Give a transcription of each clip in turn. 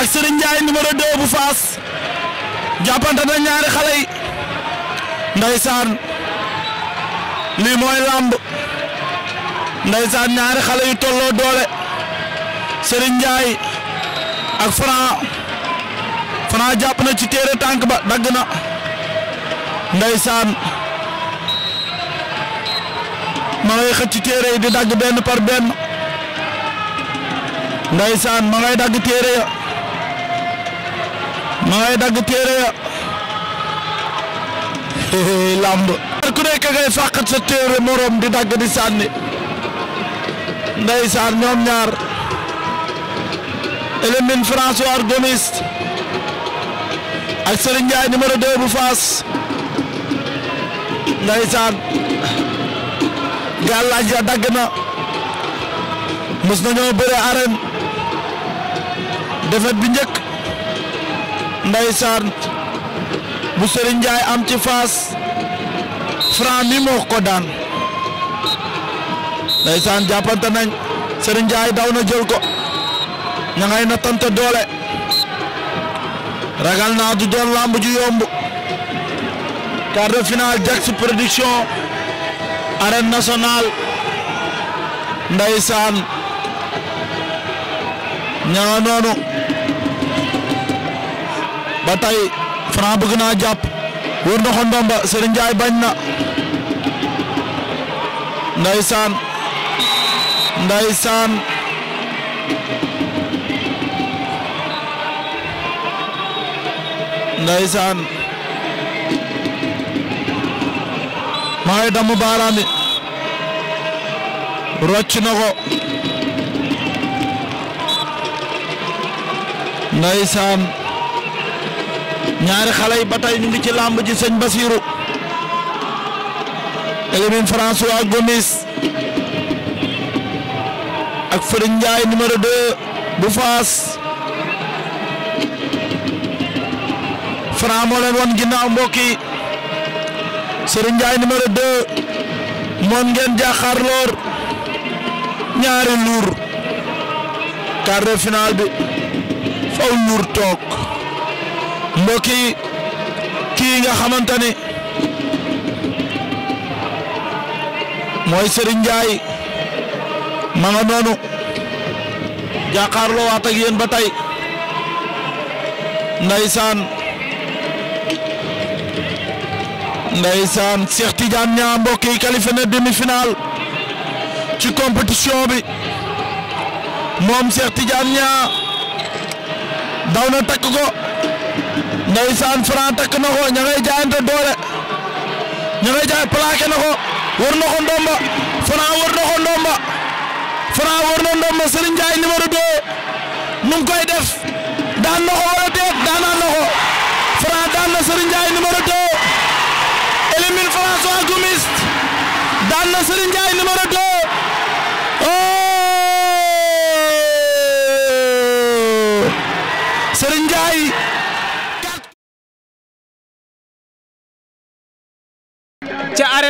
ak Serigne Ndiaye numéro 2 bu Faas jàppante na ñaari xale yi ndeysaan lii mooy làmb ndeysaan ñaari xale yu tolloo doole Serigne Ndiaye ak Franc Franc jàpp na ci téere tànk ba dagg na ndeysaan ma ngay xëcc ci téere yi di dagg benn par benn ndeysaan ma ngay dagg téere ya ma ngay dagg téere ya ku nekk ngay fàqat sa téere morom di dagg di sànni ndeysaan ñoom ñaar Elimine François Gomis ak Serigne Ndiaye numéro 2 bu Faas ndeysaan gàllaaj ya dagg na mos nañoo bëre arène defet bi njëkk ndeysaan bu Serigne Ndiaye am ci face Franc mi moo ko daan ndeysaan jàppante nañ Serigne Ndiaye daw na jël ko ña ngay nattante ragal naa du doon lamb ju yomb quart de finale Jax Production arène nationale ndeysaan ña nga noonu ba tay Franc bëgg naa jàpp wër na ko ndomba Serigne Ndiaye bañ na ndaysaan ndaysaan ndaysaan maa ngi rocc na ko ñaari xale yi ba tey ñu ngi ci lamb ji sëñ Basirou Elimine François Gomis ak Fëriñ Njaay numéro 2 bu Faas Franc moo leen won ginnaaw mbokk Ndiaye numéro 2 moom ngeen jàkkaarloor ñaari luur quart de finale bi faw luur toog. mbokk kii nga xamante ne mooy Serigne Ndiaye ma nga noonu jàkkaarloo waat ak yéen ba tey ndeysaan ndeysaan Cheikh Tidiane ñaa mbokk yi qualifié na demi ci compétition bi moom Cheikh Tidiane ñaa daw na ndeysaan Franc takk na ko ña ngay jaayante doole ña jaay plaqué na ko war na ko ndomba Franc war na ko ndomba Franc war na ndomba Serigne Ndiaye numéro 2 koy def daan na ko wala déet daanaan na na Serigne Ndiaye daan na Serigne Ndiaye numéro 2 oh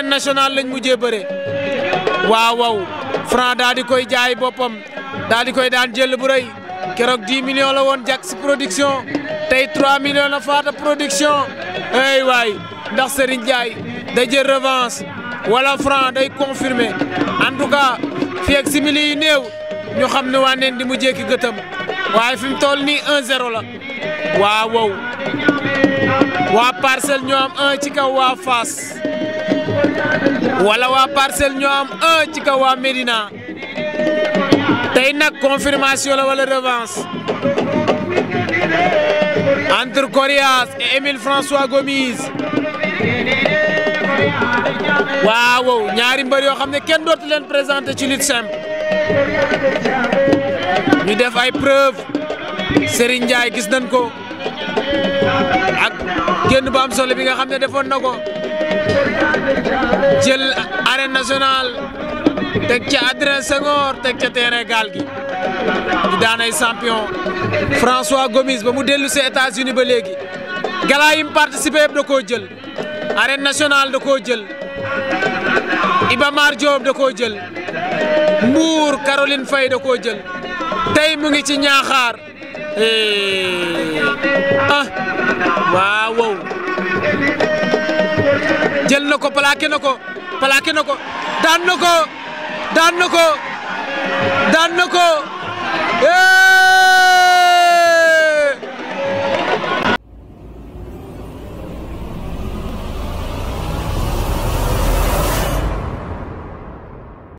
arène nationale lañ mujjee bëre waawaw waaw Franc daal koy jaay boppam daal di koy daan jël bu rëy keroog 10 millions la woon Jax production tey 3 la Faata production ay waay ndax Serigne Ndiaye da jël revanche Franc day confirmé en tout cas fii ak yu néew ñu xam ne waa neen di mujjee ki gëtam waaye fi toll nii 1-0 la waaw waa parcelle ñoo am ci kaw waa Fass. walla waa parcelle ñoo am un ci kaw waa Médina tey nag confirmation la wala revanche entre Corias et Émile François Gomis waaw ñaari mbër yoo xam ne kenn dootu leen présenté ci lutte ñu def ay preuve Serigne Ndiaye gis nañ ko ak génn bu am solo bi nga xam ne defoon na ko. jël arène nationale teg ca Adrien Senghor teg ca terrain gi di daanay champion François Gomis ba mu dellu si états ba léegi gala yi da koo jël arène nationale da koo jël Iba Mar da koo jël Mbour Caroline Faye da koo jël tey mu ngi ci Ñaaxaar eh. ah jël na ko plaqué na ko plaqué na ko daan na ko daan na ko daan eh!